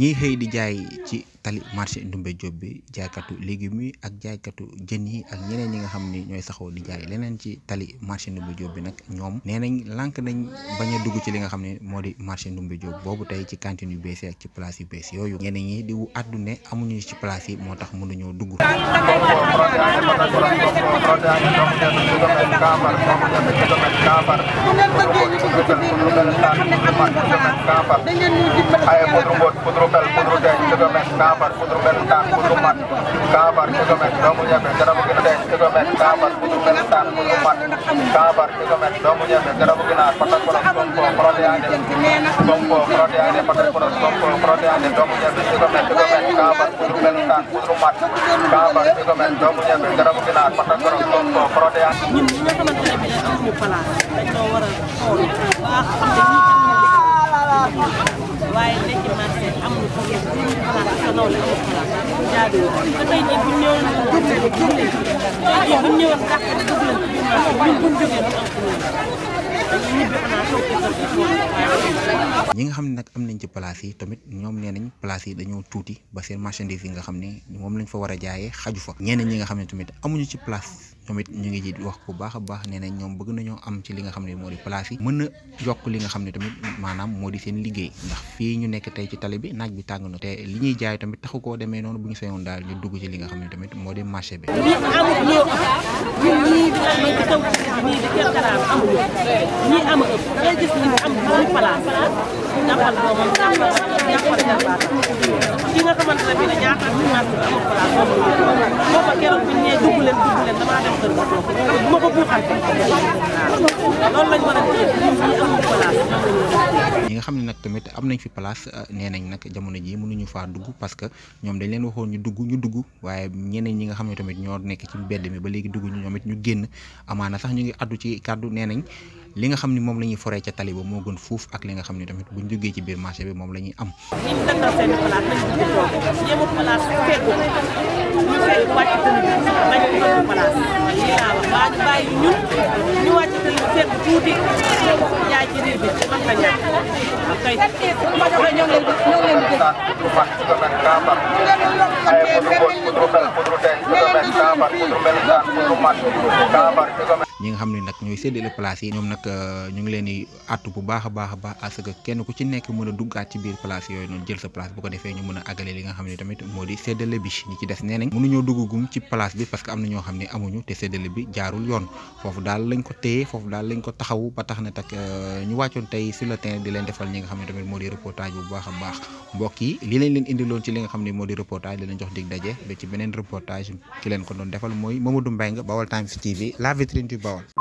ñiy xëy di jaay ci tali marché Ndoumbé Diop bi jaaykatu légumes yi ak jaaykatu jën yi ak ñeneen yi nga xam ni ñooy saxoo di jaay leneen ci tali marché Ndoumbé Diop bi nag ñoom nee nañ lànk nañ bañ dugg ci li nga xam ne moo di marché Ndoumbé Diop boobu tey ci cantine yu bees yi ak ci place yu bees yooyu ñeneen ñi di àddu amu ñu ci place yi moo tax mënuñoo dugg. mel ku lu mel naan lu mat lu mel kaafar ay kudru mbot kudru mel kudru deeñ ku ko mel kaafar kudru mel naan kudru mat kaafar ku ko mel doomu ñebe garabu gi deeñ ku ko mel kaafar kudru mel naan kudru mat kaafar ku ko mel doomu ñebe garabu gi naan patak borom sonko protéane sonko protéane patak daan wutru mat kaaba dugomène doomu ñebe garabu ginaar pata gorom ko proté ñun ñi nga xamante ne bii amuñu place dañoo war a xool baax xam ne ñii waaye nekk marché amuñu ko amuñu place sa nawle amul place jaadu ba tey jii bu ñëwoon dugle dugle tey jii bu ñëwoon dàq dugle ñun bu ñu jógee du am ko ñibbi xanaa toog ci kër gi ñi nga xam ne nag am nañ ci place yi tamit ñoom nee nañ place yi dañoo tuuti ba seen marchandise yi nga xam ne moom lañ fa war a jaayee xaju fa ñeneen ñi nga xam ne tamit amuñu ci place tamit ñu ngi ji wax bu baax a baax nee nañ ñoom bëgg nañoo am ci li nga xam ne moo di place yi mën a yokk li nga xam ne tamit maanaam moo di seen liggéey ndax fii ñu nekk tey ci tali bi naaj bi tàng na te li ñuy jaay tamit koo demee noonu bu ñu sañoon daal ñu dugg ci li nga xam ne tamit moo di marché bi loolu nga xam ne nag tamit am nañ fi place euh, nee nañ nag jamono jii mënuñu faa dugg parce que ñoom dañ leen waxoon ñu dugg ñu dugg waaye ñeneen ñi nga xam ne tamit ñoo nekk ci mbedd mi ba léegi dugg ñu ñoom it ñu génn amaana sax ñu ngi addu ci kàddu nee nañ li nga xam ne moom la ñuy foree ca tali moo gën fuuf ak li nga xam ne tamit bu buñ jógee ci biir marché bi moom la am. suñu place lii laa wax waa ñu bàyyi ñun ñu wàcc kër yi fekk tuuti jaay ci riir bi man la ñaan kay ñoo ngi leen di ñoo ngi leen di dégg ay ñi nga xam ne nag ñooy séddale place yi ñoom nag euh, ñu ngi leen di bu baax a baax a baax à ce que kenn ku ci nekk mën a duggaat ci biir place yooyu noonu jël sa place bu ko defee ñu mën a agale li nga xam ne tamit moo di séddale bi ñi ci am na ñoo jaarul yoon foofu daal lañ ko téye foofu daal lañ ko taxawu ba tax na tak euh, ñu wàccoon tey sur le terrain di leen defal ñi nga xam ne tamit moo di reportage bu baax a baax mbokk li lañ leen indiloon ci li nga xam ne moo di reportage ki leen ko doon defal Bon.